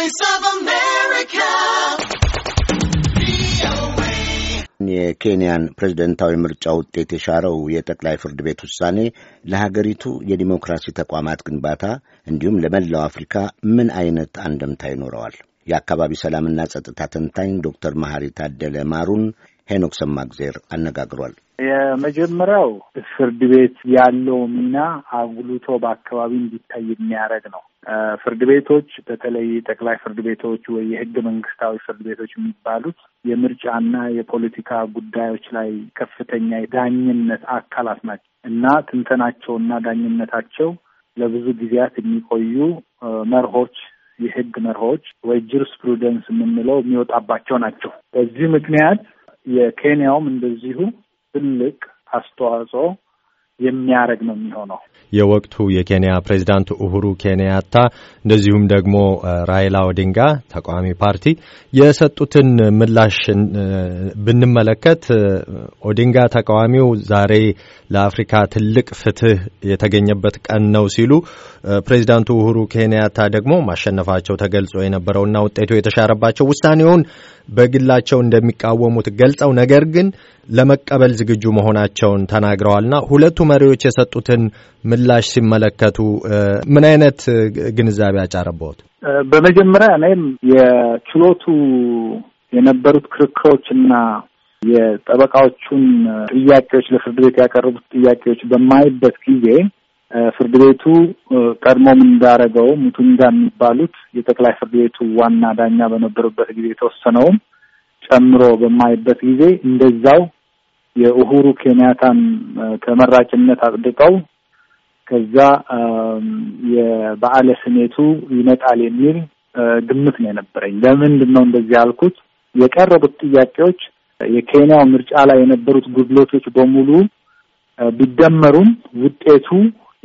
Voice of America. የኬንያን ፕሬዝደንታዊ ምርጫ ውጤት የሻረው የጠቅላይ ፍርድ ቤት ውሳኔ ለሀገሪቱ የዲሞክራሲ ተቋማት ግንባታ እንዲሁም ለመላው አፍሪካ ምን አይነት አንደምታ ይኖረዋል? የአካባቢ ሰላምና ጸጥታ ተንታኝ ዶክተር መሐሪ ታደለ ማሩን ሄኖክ ሰማግዜር አነጋግሯል። የመጀመሪያው ፍርድ ቤት ያለው ሚና አጉልቶ በአካባቢ እንዲታይ የሚያደርግ ነው። ፍርድ ቤቶች በተለይ ጠቅላይ ፍርድ ቤቶች ወይ የህገ መንግስታዊ ፍርድ ቤቶች የሚባሉት የምርጫና የፖለቲካ ጉዳዮች ላይ ከፍተኛ የዳኝነት አካላት ናቸው እና ትንተናቸውና ዳኝነታቸው ለብዙ ጊዜያት የሚቆዩ መርሆች የህግ መርሆች ወይ ፕሩደንስ የምንለው የሚወጣባቸው ናቸው። በዚህ ምክንያት የኬንያውም እንደዚሁ ትልቅ አስተዋጽኦ የሚያደርግ ነው የሚሆነው። የወቅቱ የኬንያ ፕሬዚዳንት ኡሁሩ ኬንያታ እንደዚሁም ደግሞ ራይላ ኦዲንጋ ተቃዋሚ ፓርቲ የሰጡትን ምላሽ ብንመለከት ኦዲንጋ ተቃዋሚው ዛሬ ለአፍሪካ ትልቅ ፍትህ የተገኘበት ቀን ነው ሲሉ፣ ፕሬዚዳንቱ ኡሁሩ ኬንያታ ደግሞ ማሸነፋቸው ተገልጾ የነበረውና ውጤቱ የተሻረባቸው ውሳኔውን በግላቸው እንደሚቃወሙት ገልጸው ነገር ግን ለመቀበል ዝግጁ መሆናቸውን ተናግረዋልና ሁለቱ መሪዎች የሰጡትን ምላሽ ሲመለከቱ ምን አይነት ግንዛቤ አጫረቦት? በመጀመሪያ እኔም የችሎቱ የነበሩት ክርክሮችና የጠበቃዎቹን ጥያቄዎች ለፍርድ ቤት ያቀረቡት ጥያቄዎች በማይበት ጊዜ ፍርድ ቤቱ ቀድሞም እንዳረገው ሙቱንጋ የሚባሉት የጠቅላይ ፍርድ ቤቱ ዋና ዳኛ በነበሩበት ጊዜ የተወሰነውም ጨምሮ በማይበት ጊዜ እንደዛው የኡሁሩ ኬንያታን ተመራጭነት አጽድቀው ከዛ የበዓለ ስሜቱ ይመጣል የሚል ግምት ነው የነበረኝ። ለምንድን ነው እንደዚህ ያልኩት? የቀረቡት ጥያቄዎች የኬንያው ምርጫ ላይ የነበሩት ጉድለቶች በሙሉ ቢደመሩም ውጤቱ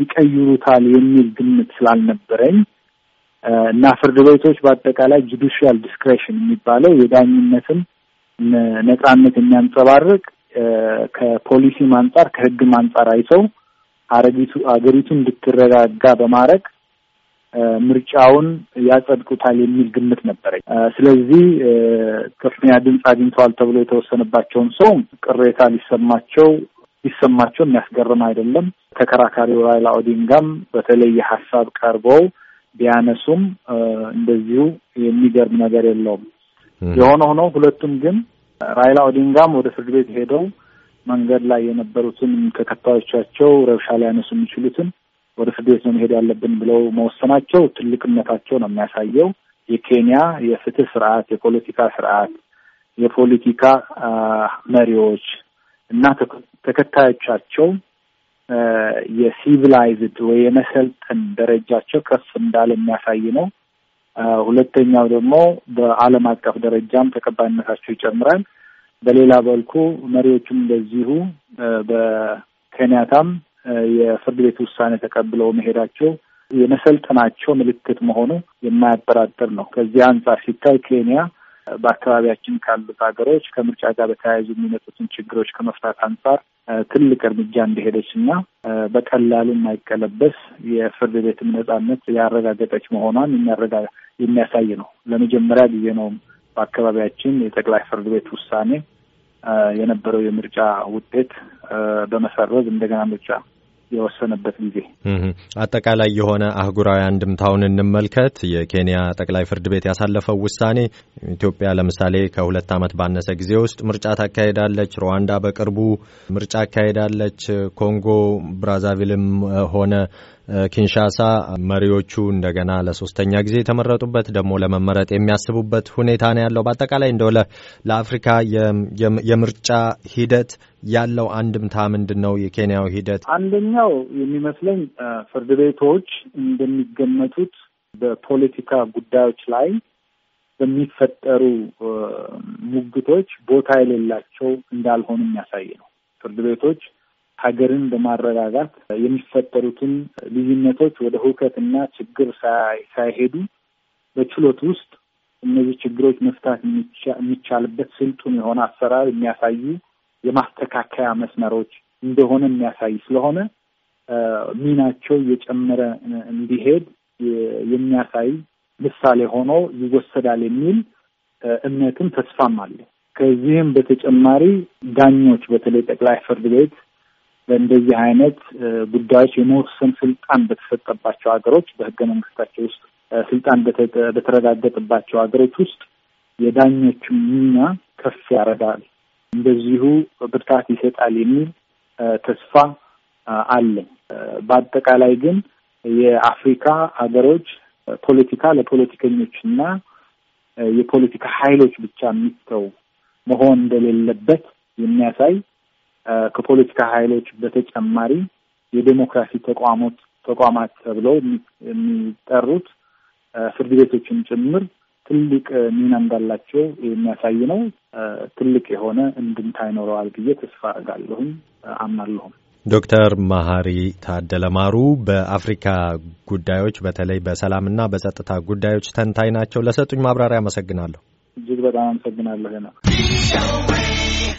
ይቀይሩታል የሚል ግምት ስላልነበረኝ እና ፍርድ ቤቶች በአጠቃላይ ጁዲሽያል ዲስክሬሽን የሚባለው የዳኝነትን ነጻነት የሚያንጸባርቅ ከፖሊሲም አንጻር ከህግም አንጻር አይተው አረጊቱ አገሪቱ እንድትረጋጋ በማድረግ ምርጫውን ያጸድቁታል የሚል ግምት ነበረኝ። ስለዚህ ከፍተኛ ድምፅ አግኝተዋል ተብሎ የተወሰነባቸውን ሰው ቅሬታ ሊሰማቸው ሊሰማቸው የሚያስገርም አይደለም። ተከራካሪው ራይላ ኦዲንጋም በተለየ ሀሳብ ቀርበው ቢያነሱም እንደዚሁ የሚገርም ነገር የለውም። የሆነ ሆኖ ሁለቱም ግን ራይላ ኦዲንጋም ወደ ፍርድ ቤት ሄደው መንገድ ላይ የነበሩትን ተከታዮቻቸው ረብሻ ሊያነሱ የሚችሉትን ወደ ፍርድ ቤት ነው መሄድ ያለብን ብለው መወሰናቸው ትልቅነታቸው ነው የሚያሳየው። የኬንያ የፍትህ ስርዓት፣ የፖለቲካ ስርዓት፣ የፖለቲካ መሪዎች እና ተከታዮቻቸው የሲቪላይዝድ ወይ የመሰልጠን ደረጃቸው ከፍ እንዳለ የሚያሳይ ነው። ሁለተኛው ደግሞ በዓለም አቀፍ ደረጃም ተቀባይነታቸው ይጨምራል። በሌላ በልኩ መሪዎቹም እንደዚሁ በኬንያታም የፍርድ ቤት ውሳኔ ተቀብለው መሄዳቸው የመሰልጠናቸው ምልክት መሆኑ የማያጠራጥር ነው። ከዚህ አንጻር ሲታይ ኬንያ በአካባቢያችን ካሉት ሀገሮች ከምርጫ ጋር በተያያዙ የሚመጡትን ችግሮች ከመፍታት አንጻር ትልቅ እርምጃ እንደሄደች እና በቀላሉ የማይቀለበስ የፍርድ ቤትም ነጻነት ያረጋገጠች መሆኗን የሚያሳይ ነው። ለመጀመሪያ ጊዜ ነው በአካባቢያችን የጠቅላይ ፍርድ ቤት ውሳኔ የነበረው የምርጫ ውጤት በመሰረዝ እንደገና ምርጫ የወሰነበት ጊዜ። አጠቃላይ የሆነ አህጉራዊ አንድምታውን እንመልከት። የኬንያ ጠቅላይ ፍርድ ቤት ያሳለፈው ውሳኔ ኢትዮጵያ ለምሳሌ ከሁለት ዓመት ባነሰ ጊዜ ውስጥ ምርጫ ታካሄዳለች፣ ሩዋንዳ በቅርቡ ምርጫ አካሄዳለች፣ ኮንጎ ብራዛቪልም ሆነ ኪንሻሳ መሪዎቹ እንደገና ለሶስተኛ ጊዜ የተመረጡበት ደግሞ ለመመረጥ የሚያስቡበት ሁኔታ ነው ያለው። በአጠቃላይ እንደሆነ ለአፍሪካ የምርጫ ሂደት ያለው አንድምታ ምንድን ነው? የኬንያው ሂደት አንደኛው የሚመስለኝ ፍርድ ቤቶች እንደሚገመቱት በፖለቲካ ጉዳዮች ላይ በሚፈጠሩ ሙግቶች ቦታ የሌላቸው እንዳልሆኑ የሚያሳይ ነው። ፍርድ ቤቶች ሀገርን በማረጋጋት የሚፈጠሩትን ልዩነቶች ወደ ሁከትና ችግር ሳይሄዱ በችሎት ውስጥ እነዚህ ችግሮች መፍታት የሚቻልበት ስልጡን የሆነ አሰራር የሚያሳዩ የማስተካከያ መስመሮች እንደሆነ የሚያሳይ ስለሆነ ሚናቸው እየጨመረ እንዲሄድ የሚያሳይ ምሳሌ ሆኖ ይወሰዳል የሚል እምነትም ተስፋም አለ። ከዚህም በተጨማሪ ዳኞች በተለይ ጠቅላይ ፍርድ ቤት በእንደዚህ አይነት ጉዳዮች የመወሰን ስልጣን በተሰጠባቸው ሀገሮች በህገ መንግስታቸው ውስጥ ስልጣን በተረጋገጠባቸው ሀገሮች ውስጥ የዳኞችን ሚና ከፍ ያደርጋል፣ እንደዚሁ ብርታት ይሰጣል የሚል ተስፋ አለ። በአጠቃላይ ግን የአፍሪካ ሀገሮች ፖለቲካ ለፖለቲከኞች እና የፖለቲካ ኃይሎች ብቻ የሚተው መሆን እንደሌለበት የሚያሳይ ከፖለቲካ ኃይሎች በተጨማሪ የዴሞክራሲ ተቋሞት ተቋማት ተብለው የሚጠሩት ፍርድ ቤቶችን ጭምር ትልቅ ሚና እንዳላቸው የሚያሳይ ነው። ትልቅ የሆነ እንድምታ ይኖረዋል ብዬ ተስፋ አድርጋለሁም አምናለሁም። ዶክተር መሀሪ ታደለማሩ በአፍሪካ ጉዳዮች በተለይ በሰላምና በጸጥታ ጉዳዮች ተንታኝ ናቸው። ለሰጡኝ ማብራሪያ አመሰግናለሁ። እጅግ በጣም አመሰግናለሁ ነው